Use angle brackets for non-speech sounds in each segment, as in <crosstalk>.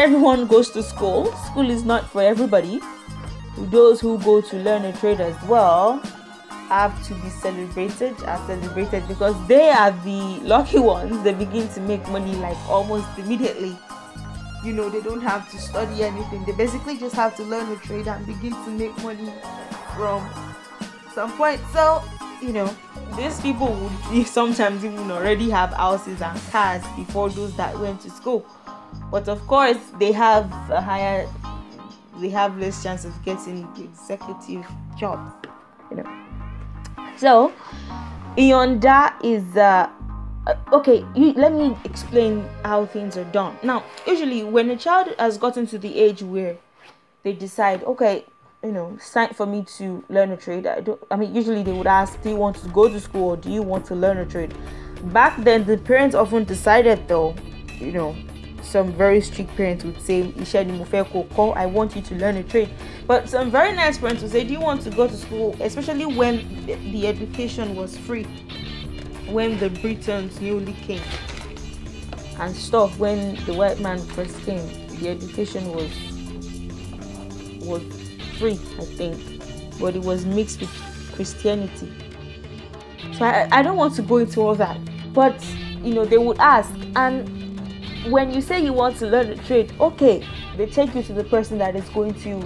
everyone goes to school, school is not for everybody. Those who go to learn a trade as well have to be celebrated, are celebrated because they are the lucky ones. They begin to make money like almost immediately. You know, they don't have to study anything. They basically just have to learn a trade and begin to make money from some point. So, you know, these people would <laughs> sometimes even already have houses and cars before those that went to school. But of course, they have a higher, they have less chance of getting executive jobs, you know. So, Yonda is uh, uh, okay. You, let me explain how things are done. Now, usually, when a child has gotten to the age where they decide, okay, you know, sign for me to learn a trade. I don't. I mean, usually they would ask, do you want to go to school or do you want to learn a trade? Back then, the parents often decided, though, you know, some very strict parents would say, Koko, I want you to learn a trade. But some very nice parents would say, Do you want to go to school? Especially when the education was free, when the Britons newly came and stuff, when the white man first came, the education was was free, I think. But it was mixed with Christianity. So I, I don't want to go into all that. But you know, they would ask and when you say you want to learn a trade, okay, they take you to the person that is going to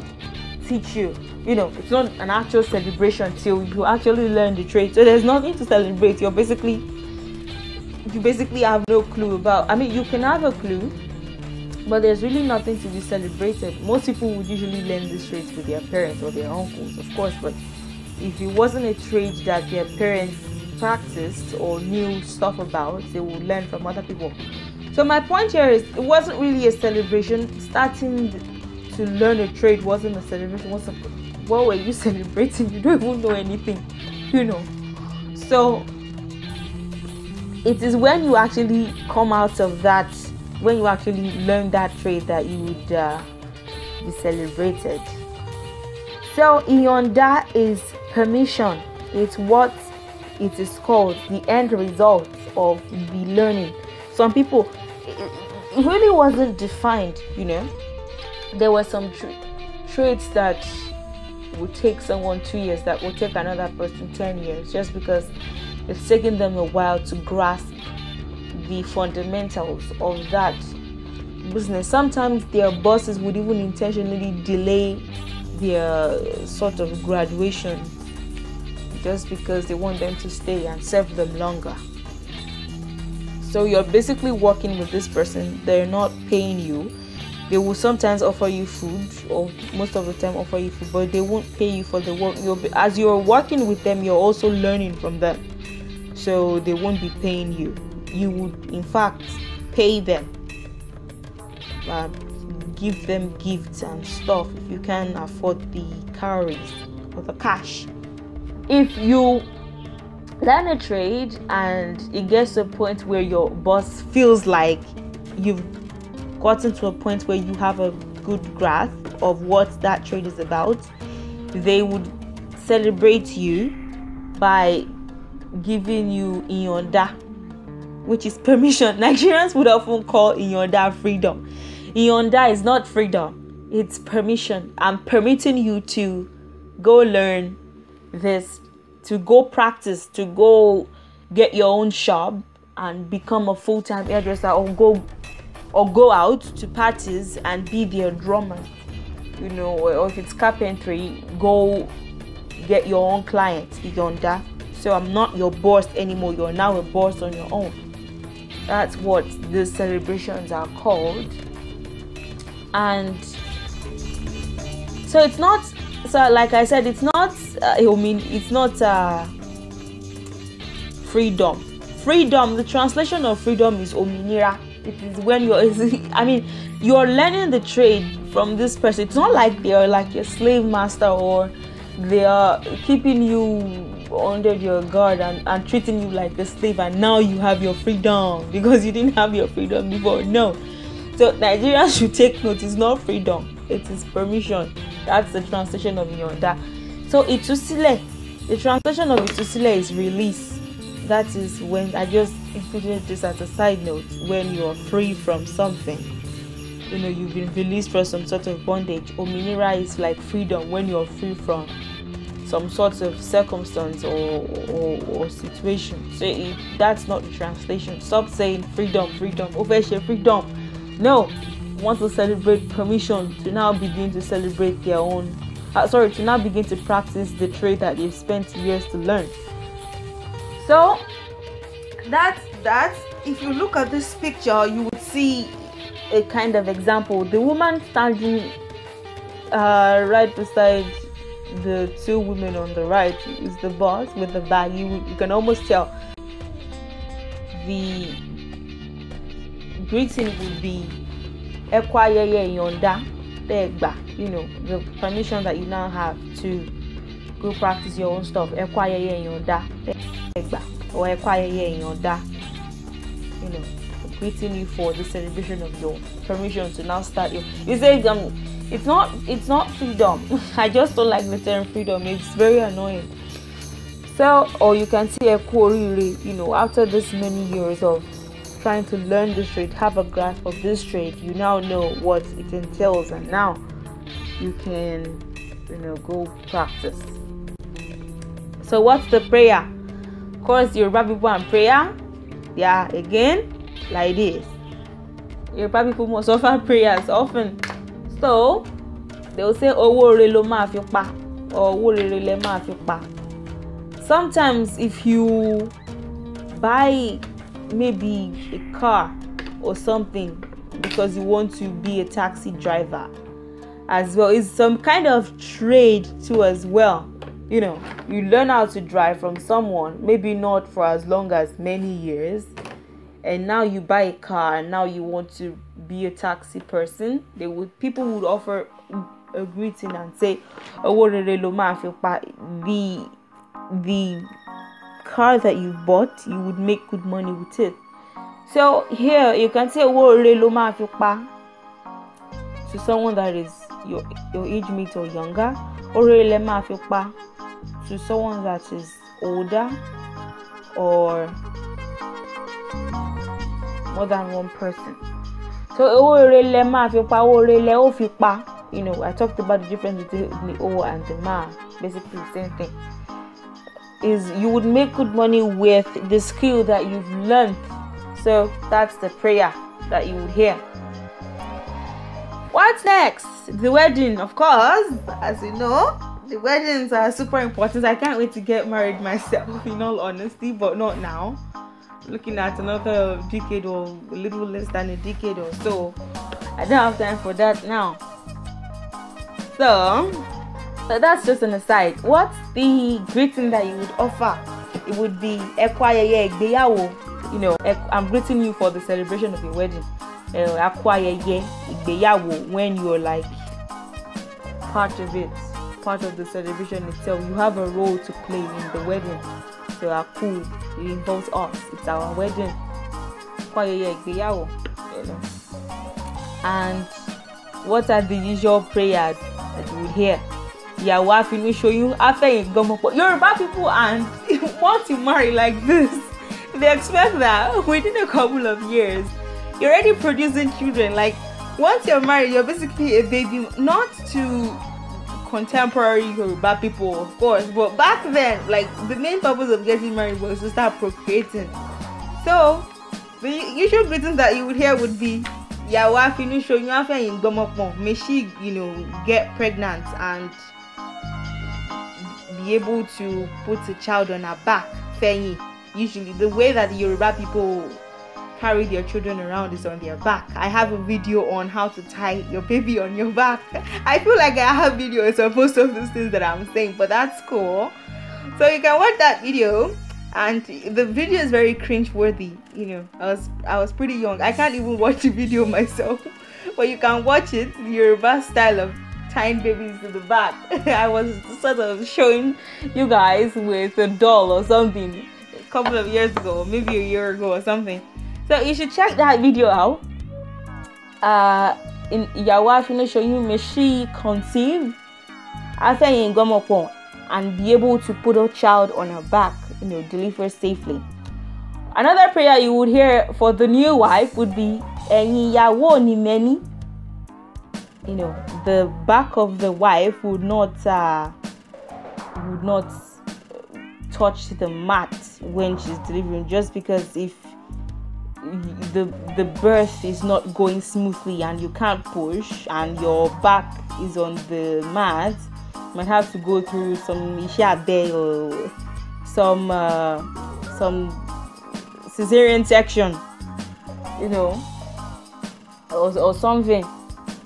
teach you. You know, it's not an actual celebration till you actually learn the trade. So there's nothing to celebrate. You're basically you basically have no clue about. I mean, you can have a clue, but there's really nothing to be celebrated. Most people would usually learn these trades with their parents or their uncles, of course, but if it wasn't a trade that their parents practiced or knew stuff about, they would learn from other people. So my point here is it wasn't really a celebration. Starting to learn a trade wasn't a celebration. What's What were you <laughs> celebrating? You don't even know anything, you know. So it is when you actually come out of that, when you actually learn that trade that you would uh, be celebrated. So beyond is permission. It's what it is called, the end result of the learning. Some people, it really wasn't defined, you know. There were some tra- traits that would take someone two years, that would take another person 10 years, just because it's taken them a while to grasp the fundamentals of that business. Sometimes their bosses would even intentionally delay their sort of graduation just because they want them to stay and serve them longer. So you're basically working with this person, they're not paying you. They will sometimes offer you food, or most of the time offer you food, but they won't pay you for the work. You're, as you're working with them, you're also learning from them. So they won't be paying you. You would, in fact, pay them. Uh, give them gifts and stuff if you can afford the calories or the cash. If you learn a trade and it gets to a point where your boss feels like you've gotten to a point where you have a good grasp of what that trade is about they would celebrate you by giving you iyonda which is permission <laughs> nigerians would often call iyonda freedom iyonda is not freedom it's permission i'm permitting you to go learn this to go practice, to go get your own shop and become a full-time hairdresser or go or go out to parties and be their drummer. You know, or if it's carpentry, go get your own clients, yonder. So I'm not your boss anymore. You're now a boss on your own. That's what the celebrations are called. And so it's not so like i said it's not uh, i mean it's not uh, freedom freedom the translation of freedom is ominira it is when you're <laughs> i mean you're learning the trade from this person it's not like they're like your slave master or they are keeping you under your guard and, and treating you like a slave and now you have your freedom <laughs> because you didn't have your freedom before no so nigerians <laughs> should take note it's not freedom it is permission that's the translation of yonder. So itusile, the translation of itusile is release. That is when I just included this as a side note. When you are free from something, you know you've been released from some sort of bondage. Ominira is like freedom when you are free from some sort of circumstance or, or, or situation. So that's not the translation. Stop saying freedom, freedom, over freedom. No, want to celebrate permission to now begin to celebrate their own uh, sorry to now begin to practice the trade that they've spent years to learn so that's that if you look at this picture you would see a kind of example the woman standing uh, right beside the two women on the right is the boss with the bag you, you can almost tell the greeting would be ẹ ayẹyẹ ìyọ̀ǹda tẹ́ ẹ gbà you know the permission that you now have to go practice your own stuff Acquire kó ayẹyẹ ìyọ̀ǹda tẹ́ ẹ gbà or ẹ ayẹyẹ ìyọ̀ǹda you know greeting you for the celebration of your permission to now start your you say um, it's not it's not freedom <laughs> I just don't like the term freedom it's very annoying so or you can see a kú you know after this many years of trying to learn this trade, have a grasp of this trade, you now know what it entails, and now you can, you know, go practice. So, what's the prayer? Of course, your people and prayer, Yeah, again like this. Yoruba people must offer prayers often. So, they will say, Oh, re lo ma fi pa, or Owo re le ma fi pa. Sometimes, if you buy maybe a car or something because you want to be a taxi driver as well. It's some kind of trade too as well. You know, you learn how to drive from someone, maybe not for as long as many years. And now you buy a car and now you want to be a taxi person. They would people would offer a greeting and say, "Oh, the the car that you bought, you would make good money with it. So here you can say loma to someone that is your your age mate or younger, or lema pa to someone that is older or more than one person. So owó rere lẹ máa You know, I talked about the difference between the O and the ma, basically the same thing is you would make good money with the skill that you've learned. So that's the prayer that you would hear. What's next? The wedding, of course, as you know. The weddings are super important. I can't wait to get married myself, <laughs> in all honesty, but not now. Looking at another decade or a little less than a decade or so. I don't have time for that now. So, so that's just an aside. What's the greeting that you would offer? It would be Ekwayeye Igbeyawo. You know, I'm greeting you for the celebration of your wedding. Ekwayeye eh, Igbeyawo when you're like part of it, part of the celebration itself. You have a role to play in the wedding. So cool. it involves us. It's our wedding. Ekwayeye Igbeyawo. You know. And what are the usual prayers that you would hear? ìyàwó á you ṣoyún you fẹ̀yìn gọmọpọ̀ Yorùbá people and want <laughs> to marry like this they expect that <laughs> within a couple of years you're already producing children like once you're married you're basically a baby not to contemporary Yoruba people, of course. But back then, like the main purpose of getting married was to start procreating. So the usual greetings that you would hear would be, "Yawa finish show you in Gomopon. May she, you know, get pregnant and be able to put a child on her back, Fenyi. Usually, the way that the Yoruba people carry their children around is on their back. I have a video on how to tie your baby on your back. <laughs> I feel like I have videos of most of these things that I'm saying, but that's cool. So you can watch that video and the video is very cringe worthy you know i was i was pretty young i can't even watch the video <laughs> myself but you can watch it the yoruba style of tying babies to the back. <laughs> I was sort of showing you guys with a doll or something a couple of years ago, maybe a year ago or something. So you should check that video out. Uh, in your wife, you know, show you may she conceive after you go upon and be able to put her child on her back, you know, deliver safely. Another prayer you would hear for the new wife would be, ya wo ni many you know the back of the wife would not uh, would not uh, touch the mat when she's delivering just because if the the birth is not going smoothly and you can't push and your back is on the mat you might have to go through some some uh, some cesarean section you know or, or something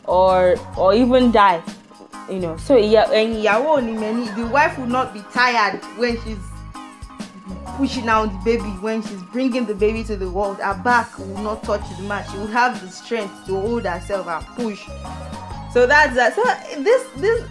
or or even die you know so yeah and ìyàwó ni many the wife will not be tired when she's pushing out the baby when she's bringing the baby to the world her back will not touch the mat she will have the strength to hold herself and push so that's that so this this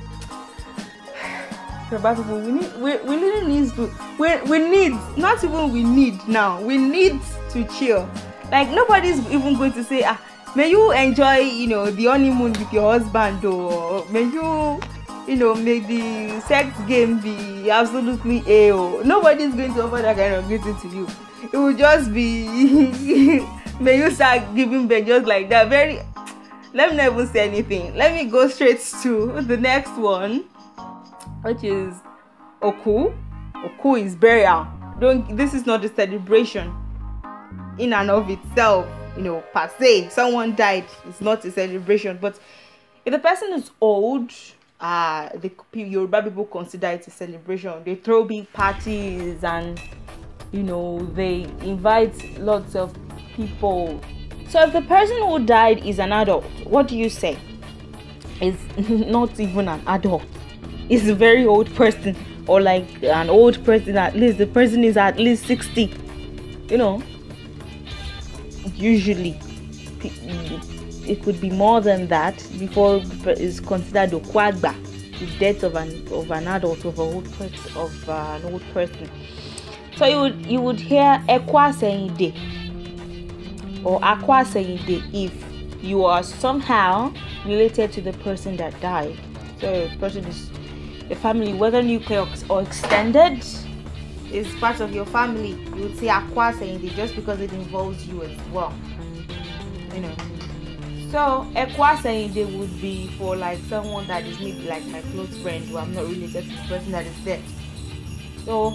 <sighs> people we need we, we really need to we, we need not even we need now we need to chill like nobody's even going to say ah may you enjoy you know the honeymoon with your husband or may you you know make the sex game be absolutely a o nobody's going to offer that kind of greeting to you it will just be <laughs> may you start giving birth just like that very let me not even say anything let me go straight to the next one which is oku oku is burial don't this is not a celebration in and of itself you know, per se, someone died. It's not a celebration. But if the person is old, uh, the Yoruba people consider it a celebration. They throw big parties and, you know, they invite lots of people. So if the person who died is an adult, what do you say? Is <laughs> not even an adult. Is a very old person or like an old person at least the person is at least 60 you know usually it could be more than that before is considered a quagga the death of an of an adult of uh, an old person of an old person. So you would you would hear ekwa day or akwa day if you are somehow related to the person that died. So the person is the family, whether nuclear or extended, is part of your family, you would say Akwa Sende just because it involves you as well. You know. So Akwa Sende would be for like someone that is maybe like my close friend who I'm not related to the person that is there. So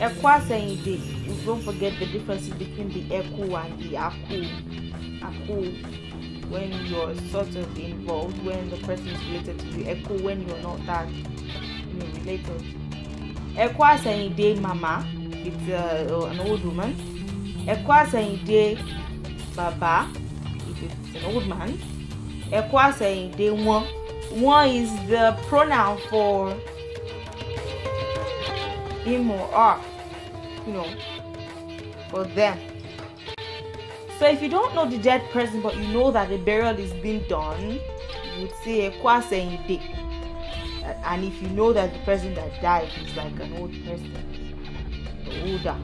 Akwa Sende, don't forget the differences between the echo and the Aku. Aku when you're sort of involved, when the person is related to you, echo when you're not that you know, related. Ekwa Sayide Mama, it's uh, an old woman. Ekwa Sayide Baba, it's an old man. Ekwa Sayide Won. One is the pronoun for him or her, you know, for them. So if you don't know the dead person but you know that the burial is being done, you would say Ekwa Sayide and if you know that the person that died is like an old person older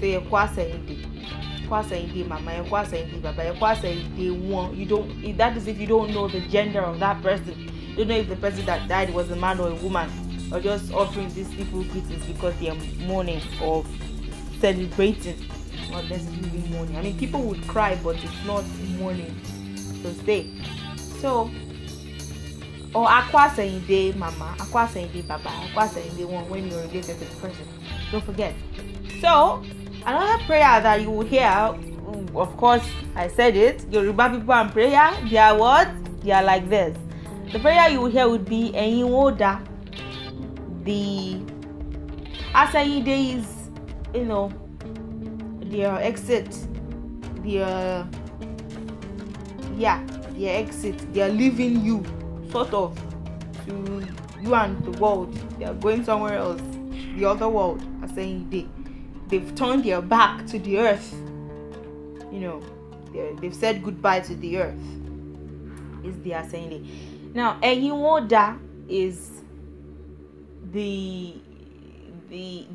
say ẹkọ asẹyìndè ẹkọ asẹyìndè mama ẹkọ asẹyìndè baba ẹkọ asẹyìndè one, you don't that is if you don't know the gender of that person you don't know if the person that died was a man or a woman or just offering these people greetings because they are mourning or celebrating not necessarily mourning i mean people would cry but it's not mourning to stay so or aqua day mama, aqua Akwasayide baba, Akwasayide one when you're related to the person. Don't forget. So, another prayer that you will hear, mm, of course, I said it, Yoruba people and prayer, they are what? They are like this. The prayer you will hear would be Eyin order. The Asayide is, you know, their exit, their, yeah, their exit, they are leaving you sort of to you and the world they are going somewhere else the other world I saying they they've turned their back to the earth you know they've said goodbye to the earth is they are saying it now Eyinwoda is the the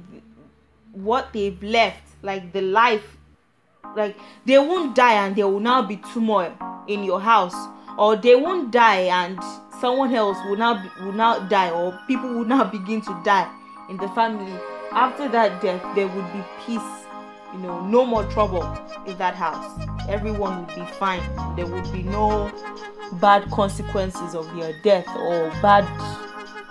what they've left like the life like they won't die and there will now be turmoil in your house or they won't die and someone else will now will now die or people will now <laughs> begin to die in the family after that death there would be peace you know no more trouble in that house everyone would be fine there would be no bad consequences of their death or bad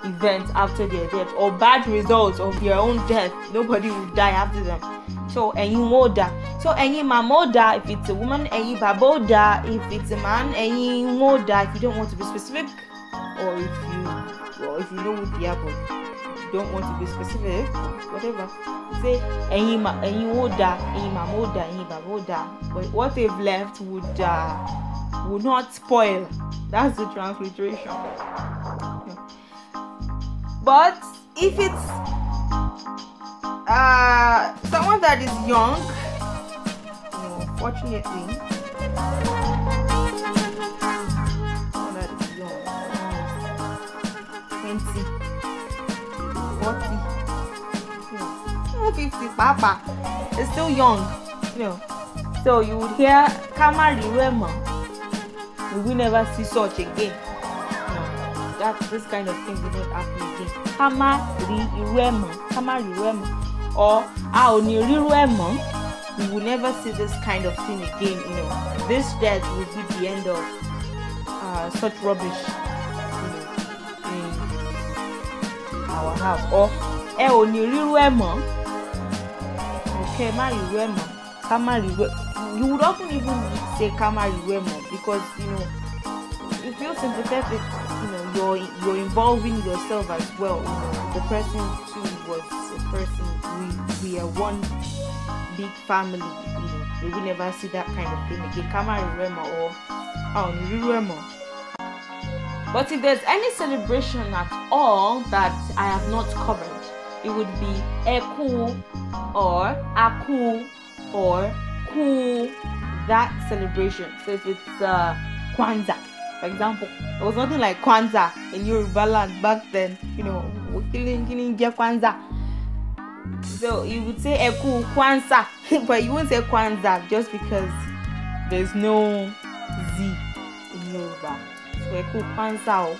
events after their death or bad results of their own death nobody would die after them so any mother, so any màmá if it's a woman any bàbá if it's a man any mother if you don't want to be specific or if you or if you know what the apple you don't want to be specific whatever say ẹ̀yin ma ẹ̀yin ó da ẹ̀yin màmá ó da ẹ̀yin but what they've left would uh, would not spoil that's the transliteration but if it's uh, someone that is young you know, fortunately pàápàá is still young you know so you would hear ká we will never see such again no that this kind of thing will not happen again ká má or a ò we will never see this kind of thing again you know this death will be the end of uh, such rubbish you know, in our house or ẹ ò okay marry you would often even say can marry because you know you feel sympathetic you know you're you're involving yourself as well you know the person too was a person we we are one big family you know we will never see that kind of thing again can marry or oh well but if there's any celebration at all that I have not covered it would be eku or aku or ku. That celebration. So if it's uh, Kwanzaa, for example, it was nothing like Kwanzaa in Yoruba land back then. You know, killing killing Kwanzaa. So you would say eku Kwanzaa, <laughs> but you won't say Kwanzaa just because there's no Z in Yoruba. So eku Kwanzaa.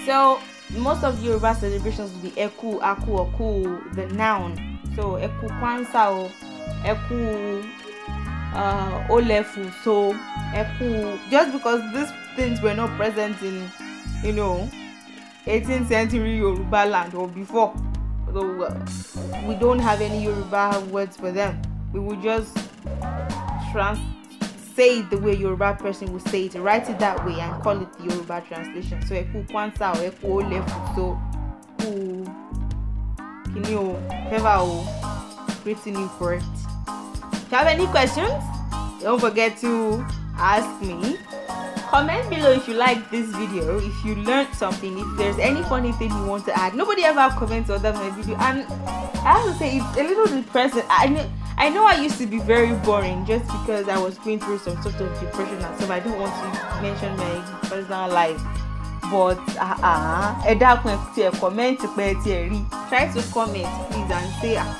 <laughs> so most of the Yoruba celebrations will be Eku, Aku, Oku, the noun. So Eku Kwanzaa o, Eku uh, Olefu. So Eku, just because these things were not present in, you know, 18th century Yoruba land or before. So uh, we don't have any Yoruba words for them. We would just trans say it the way Yoruba person will say it, write it that way and call it the Yoruba translation. So Eku Kwanza or Eku Olefu. So Ku Kini O Feva O written incorrect. If you have any questions, don't forget to ask me. Comment below if you like this video, if you learned something, if there's any funny thing you want to add. Nobody ever comments on that my video and I have to say it's a little depressing. I mean I know I used to be very boring just because I was going through some sort of depression and stuff. I don't want to mention my personal life. But ah, ẹ dákun ẹ to ẹ comment pé Try to comment please and say ah,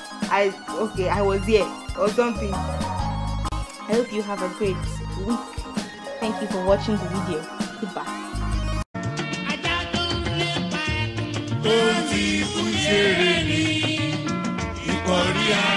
I okay I was here or something. I hope you have a great week. Thank you for watching the video. Goodbye.